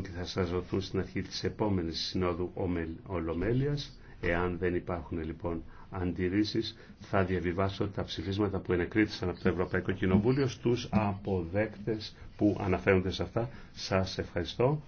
και θα σας ρωτούν στην αρχή της επόμενης Συνόδου Ολομέλειας. Εάν δεν υπάρχουν λοιπόν αντιρρήσεις, θα διαβιβάσω τα ψηφίσματα που ενεκρίθησαν από το Ευρωπαϊκό Κοινοβούλιο στους αποδέκτες που αναφέρονται σε αυτά. Σας ευχαριστώ.